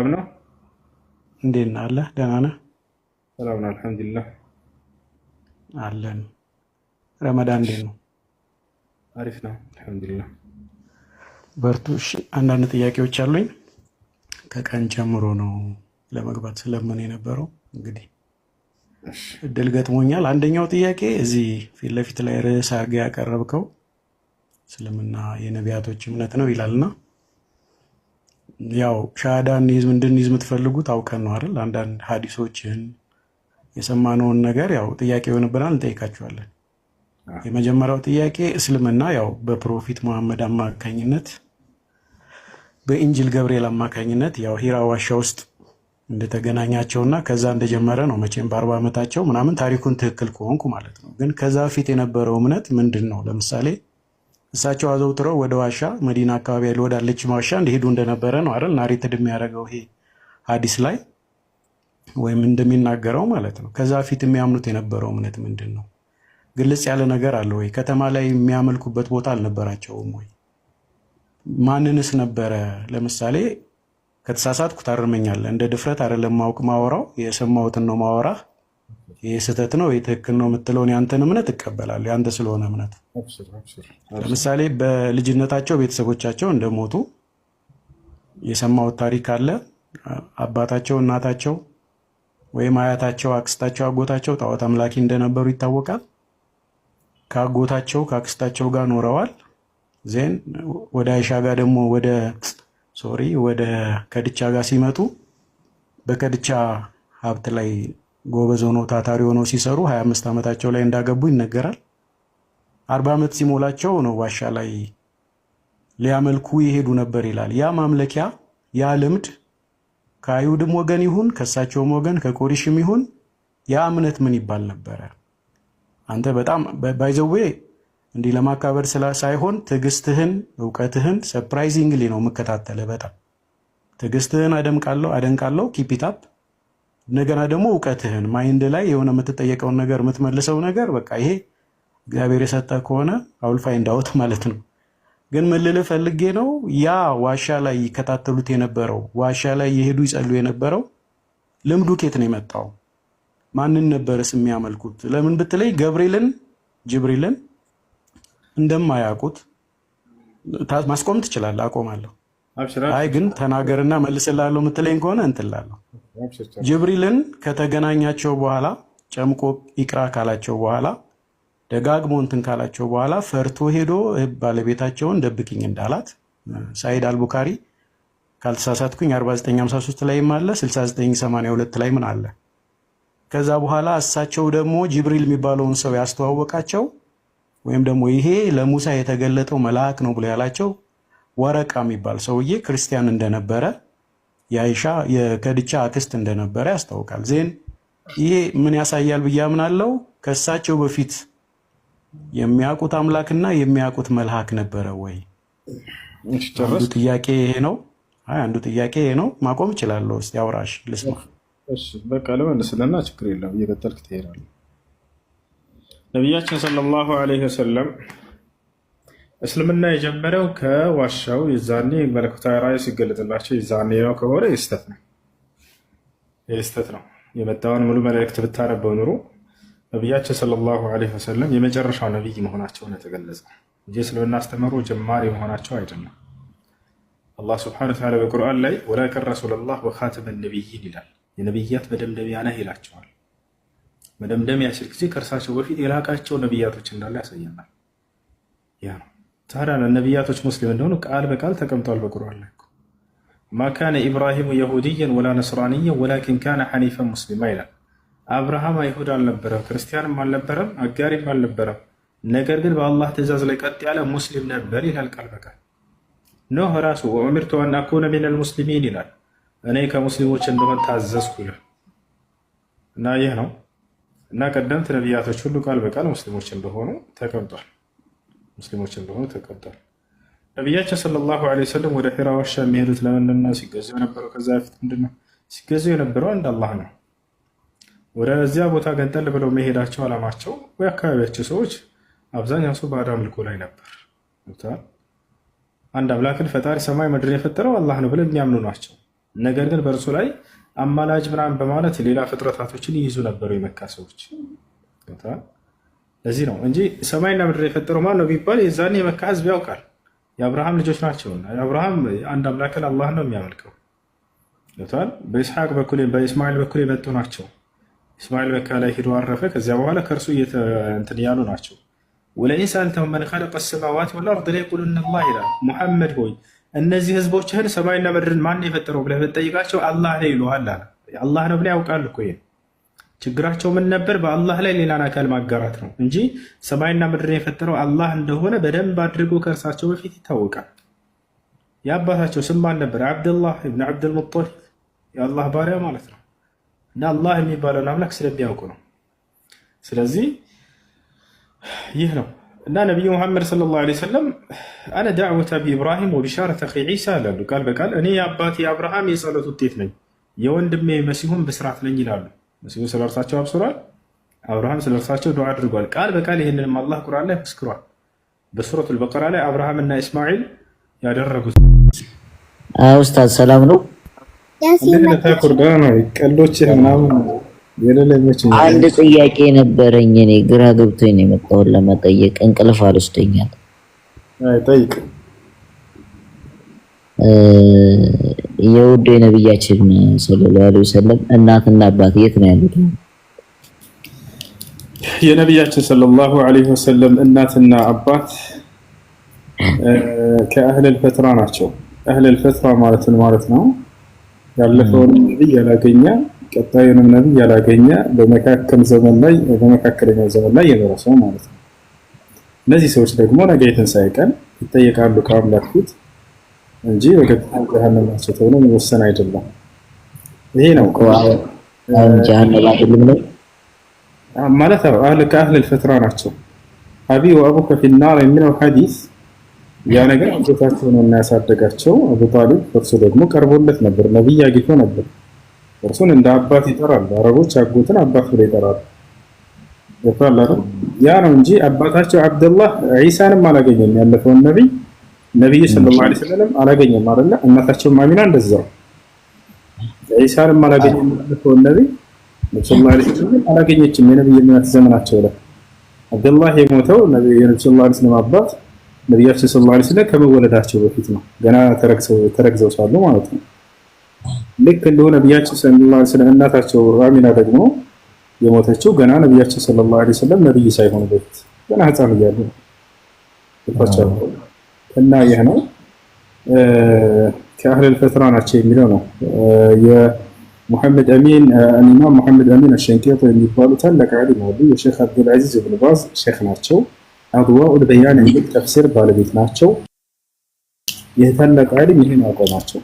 ሰላም ነው። እንዴት ነህ? አለ ደህና ነህ? ሰላም ነው አልሐምዱሊላህ አለን። ረመዳን እንዴት ነው? አሪፍ ነው አልሐምዱሊላህ። በርቱ። እሺ አንዳንድ ጥያቄዎች አሉኝ። ከቀን ጀምሮ ነው ለመግባት ስለምን የነበረው እንግዲህ እድል ገጥሞኛል። አንደኛው ጥያቄ እዚህ ፊት ለፊት ላይ ርዕስ አድርገህ ያቀረብከው እስልምና የነቢያቶች እምነት ነው ይላልና ያው ሻሃዳ እንድንይዝ የምትፈልጉት አውቀን ነው አይደል? አንዳንድ ሀዲሶችን የሰማነውን ነገር ያው ጥያቄ ይሆንብናል፣ እንጠይቃቸዋለን። የመጀመሪያው ጥያቄ እስልምና ያው በፕሮፊት መሐመድ አማካኝነት በኢንጅል ገብርኤል አማካኝነት ያው ሂራ ዋሻ ውስጥ እንደተገናኛቸውና ከዛ እንደጀመረ ነው መቼም በአርባ ዓመታቸው ምናምን ታሪኩን ትክክል ከሆንኩ ማለት ነው። ግን ከዛ ፊት የነበረው እምነት ምንድን ነው? ለምሳሌ እሳቸው አዘውትረው ወደ ዋሻ መዲና አካባቢ ያለ ወዳለች ዋሻ እንደሄዱ እንደነበረ ነው አይደል? ናሬትድ የሚያደርገው ይሄ ሀዲስ ላይ ወይም እንደሚናገረው ማለት ነው። ከዛ ፊት የሚያምኑት የነበረው እምነት ምንድን ነው? ግልጽ ያለ ነገር አለ ወይ? ከተማ ላይ የሚያመልኩበት ቦታ አልነበራቸውም ወይ? ማንንስ ነበረ? ለምሳሌ ከተሳሳትኩ ታርመኛለህ። እንደ ድፍረት አይደለም ማወቅ ማወራው የሰማሁትን ነው ማወራህ ይህ ስህተት ነው፣ ይህ ትክክል ነው የምትለውን ያንተን እምነት እቀበላለሁ። ያንተ ስለሆነ እምነት ለምሳሌ በልጅነታቸው ቤተሰቦቻቸው እንደሞቱ የሰማሁት ታሪክ አለ። አባታቸው፣ እናታቸው ወይም አያታቸው፣ አክስታቸው፣ አጎታቸው ጣዖት አምላኪ እንደነበሩ ይታወቃል። ከአጎታቸው ከአክስታቸው ጋር ኖረዋል። ዜን ወደ አይሻ ጋር ደግሞ ወደ ሶሪ ወደ ከድቻ ጋር ሲመጡ በከድቻ ሀብት ላይ ጎበዝ ሆነው ታታሪ ሆነው ሲሰሩ 25 ዓመታቸው ላይ እንዳገቡ ይነገራል። 40 ዓመት ሲሞላቸው ነው ዋሻ ላይ ሊያመልኩ ይሄዱ ነበር ይላል። ያ ማምለኪያ ያ ልምድ ከአይሁድም ወገን ይሁን ከእሳቸውም ወገን ከቆሪሽም ይሁን ያ እምነት ምን ይባል ነበረ? አንተ በጣም ባይዘዌ እንዲህ ለማካበር ስላ ሳይሆን ትዕግስትህን እውቀትህን ሰርፕራይዚንግሊ ነው የምከታተልህ። በጣም ትዕግስትህን አደንቃለሁ አደንቃለሁ። ኪፒታፕ እንደገና ደግሞ እውቀትህን ማይንድ ላይ የሆነ የምትጠየቀውን ነገር የምትመልሰው ነገር በቃ ይሄ እግዚአብሔር የሰጠ ከሆነ አውል ፋይንድ አውት ማለት ነው። ግን ምልልህ ፈልጌ ነው ያ ዋሻ ላይ ይከታተሉት የነበረው ዋሻ ላይ የሄዱ ይጸሉ የነበረው ልምዱ ኬት ነው የመጣው? ማንን ነበርስ የሚያመልኩት? ለምን ብትለይ ገብርኤልን ጅብሪልን እንደማያውቁት ማስቆም ትችላለህ። አቆማለሁ። አይ ግን ተናገርና መልስላለሁ የምትለኝ ከሆነ እንትላለሁ። ጅብሪልን ከተገናኛቸው በኋላ ጨምቆ ይቅራ ካላቸው በኋላ ደጋግሞ እንትን ካላቸው በኋላ ፈርቶ ሄዶ ባለቤታቸውን ደብቅኝ እንዳላት ሳይድ አልቡካሪ ካልተሳሳትኩኝ 4953 ላይም አለ 6982 ላይ ምን አለ። ከዛ በኋላ እሳቸው ደግሞ ጅብሪል የሚባለውን ሰው ያስተዋወቃቸው ወይም ደግሞ ይሄ ለሙሳ የተገለጠው መልአክ ነው ብሎ ያላቸው ወረቃ የሚባል ሰውዬ ክርስቲያን እንደነበረ የአይሻ የከድቻ አክስት እንደነበረ ያስታውቃል። ዜን ይሄ ምን ያሳያል ብዬ አምናለሁ። ከእሳቸው በፊት የሚያውቁት አምላክና የሚያውቁት መልአክ ነበረ ወይ? አንዱ ጥያቄ ይሄ ነው። አንዱ ጥያቄ ይሄ ነው። ማቆም እችላለሁ። እስኪ አውራሽ ልስማ። በቃ ልመልስልና ችግር የለም እየቀጠልክ ትሄዳለህ። ነቢያችን ሰለላሁ ዐለይሂ ወሰለም እስልምና የጀመረው ከዋሻው የዛኔ መለኮታዊ ራእይ ሲገለጥላቸው የዛኔ ነው ከሆነ የስተት ነው የስተት ነው። የመጣውን ሙሉ መልእክት ብታነበው ኑሮ ነቢያችን ሰለላሁ ዐለይሂ ወሰለም የመጨረሻው ነቢይ መሆናቸው ነው የተገለጸ እንጂ እስልምና አስተምሮ ጀማሪ መሆናቸው አይደለም። አላህ ስብሐነሁ ወተዓላ በቁርአን ላይ ወላኪን ረሱለላህ ወኻተመ ነቢይን ይላል። የነቢያት መደምደሚያ ነህ ይላቸዋል። መደምደሚያ ሲል ጊዜ ከእርሳቸው በፊት የላቃቸው ነቢያቶች እንዳለ ያሳየናል። ያ ነው ታዲያ ነቢያቶች ሙስሊም እንደሆኑ ቃል በቃል ተቀምጧል በቁርአን ላይ። ማካነ ኢብራሂሙ የሁድየን ወላ ነስራንየን ወላኪን ካነ ሐኒፈን ሙስሊማ ይላል። አብርሃም አይሁድ አልነበረም፣ ክርስቲያንም አልነበረም፣ አጋሪም አልነበረም። ነገር ግን በአላህ ትእዛዝ ላይ ቀጥ ያለ ሙስሊም ነበር ይላል ቃል በቃል። ኖህ ራሱ ወኡሚርቱ አን አኩነ ሚነል ሙስሊሚን ይላል። እኔ ከሙስሊሞች እንደሆን ታዘዝኩ ይላል። እና ይህ ነው እና ቀደምት ነቢያቶች ሁሉ ቃል በቃል ሙስሊሞች እንደሆኑ ተቀምጧል። ሙስሊሞች እንደሆኑ ተቀምጧል። ነቢያችን ሰለላሁ ዐለይሂ ወሰለም ወደ ሒራ ዋሻ የሚሄዱት ለምንድነው? ሲገዙ የነበረው ከዛ በፊት ምንድነው? ሲገዙ የነበረው? አንድ አላህ ነው። ወደዚያ ቦታ ገንጠል ብለው መሄዳቸው አላማቸው ወይ አካባቢያቸው ሰዎች አብዛኛው ሰው ባዕድ አምልኮ ላይ ነበር። አንድ አምላክን ፈጣሪ ሰማይ ምድርን የፈጠረው አላህ ነው ብለው የሚያምኑ ናቸው። ነገር ግን በእርሱ ላይ አማላጅ ምናምን በማለት ሌላ ፍጥረታቶችን ይይዙ ነበሩ የመካ ሰዎች ለዚህ ነው እንጂ ሰማይና ምድር የፈጠረው ማን ነው ቢባል የዛን የመካ ህዝብ ያውቃል። የአብርሃም ልጆች ናቸው። አብርሃም አንድ አምላክን አላህ ነው የሚያመልከው ቷል። በኢስሐቅ በኩል በእስማኤል በኩል የመጡ ናቸው። እስማኤል መካ ላይ ሂዶ አረፈ። ከዚያ በኋላ ከእርሱ እንትን እያሉ ናቸው። ወለኢን ሰአልተሁም መን ኸለቀ ሰማዋት ወልአርድ ለየቁሉነ አላህ ይላል። ሙሐመድ ሆይ እነዚህ ህዝቦችህን ሰማይና ምድርን ማን የፈጠረው ብለህ ብትጠይቃቸው አላህ ነው ይሉሃል አላህ ነው ብለህ ያውቃል እኮ ይሄን ችግራቸው ምን ነበር? በአላህ ላይ ሌላን አካል ማጋራት ነው እንጂ ሰማይና ምድርን የፈጠረው አላህ እንደሆነ በደንብ አድርጎ ከእርሳቸው በፊት ይታወቃል። የአባታቸው ስም ማን ነበር? አብድላህ ብን አብድልሙጦሊብ የአላህ ባሪያ ማለት ነው። እና አላህ የሚባለውን አምላክ ስለሚያውቁ ነው። ስለዚህ ይህ ነው እና ነቢዩ ሙሐመድ ሰለላሁ ዓለይሂ ወሰለም አነ ዳዕወተ አቢ ኢብራሂም ወቢሻረተ አኺ ዒሳ ይላሉ ቃል በቃል እኔ የአባቴ አብርሃም የጸሎት ውጤት ነኝ፣ የወንድሜ መሲሁን ብስራት ነኝ ይላሉ። ነቢዩ ስለ እርሳቸው አብስሯል። አብርሃም ስለ እርሳቸው ዱዓ አድርጓል። ቃል በቃል ይህንንም አላህ ቁርአን ላይ መስክሯል። በሱረቱል በቀራ ላይ እና እስማኤል ያደረጉት ኡስታዝ ሰላም ነው። አንድ ጥያቄ ነበረኝ። እኔ ግራ ገብቶኝ ነው የመጣሁት ለመጠየቅ፣ እንቅልፍ አልወስደኛል። የውድ የነብያችን ሰለላሁ ዐለይሂ ወሰለም እናትና አባት የት ነው ያሉት? የነቢያችን ሰለላሁ ዐለይሂ ወሰለም እናትና አባት ከአህለል ፈትራ ናቸው። አህለል ፈትራ ማለትን ማለት ነው ያለፈውንም ነብይ ያላገኘ ቀጣዩንም ነብይ ያላገኘ በመካከል ዘመን ላይ በመካከለኛው ዘመን ላይ የደረሰው ማለት ነው። እነዚህ ሰዎች ደግሞ ነገ የትንሣኤ ቀን ይጠየቃሉ ከአምላክ ፊት እንጂ በቀጥታ ጀሃነም ናቸው ተብሎ የሚወሰን አይደለም። ይሄ ነው ማለት አህል ከአህል ፈትራ ናቸው። አቢ ወአቡከ ፊናር የሚለው ሐዲስ ያ ነገር አጎታቸው ነው እና ያሳደጋቸው አቡ ጣሊብ፣ እርሱ ደግሞ ቀርቦለት ነበር፣ ነቢይ አግኝቶ ነበር። እርሱን እንደ አባት ይጠራሉ። አረቦች አጎትን አባት ብለው ይጠራሉ። ያ ነው እንጂ አባታቸው አብደላህ ዒሳንም አላገኘም ያለፈውን ነቢይ ነቢይ ሰለላሁ ዐለይሂ ወሰለም አላገኘም አይደለ? እናታቸው ማሚና እንደዛው ዒሳንም አላገኘም ሆን ነቢ ሰለላሁ ዐለይሂ ወሰለም አላገኘችም። የነቢይ እናት ዘመናቸው ላይ አብደላህ የሞተው ነቢይ ሰለላሁ ዐለይሂ ወሰለም አባት ነቢያችን ሰለላሁ ዐለይሂ ወሰለም ከመወለዳቸው በፊት ነው። ገና ተረግዘው ሳሉ ማለት ነው። ልክ እንደሆነ ነቢያችን ሰለላሁ ዐለይሂ ወሰለም እናታቸው አሚና ደግሞ የሞተችው ገና ነቢያችን ሰለላሁ ዐለይሂ ወሰለም ነቢይ ሳይሆኑ በፊት ገና ህፃን እያሉ ነው። እና ይህ ነው ከአህለል ፈትራ ናቸው የሚለው ነው። የሙሐመድ አሚን ኢማም ሙሐመድ አሚን አሸንቄጦ የሚባሉ ታላቅ ዓሊም አሉ። የሼክ አብዱልዓዚዝ ብን ባዝ ሼክ ናቸው። አድዋኡል በያን የሚል ተፍሲር ባለቤት ናቸው። ይህ ታላቅ ዓሊም ይህን አቋማቸው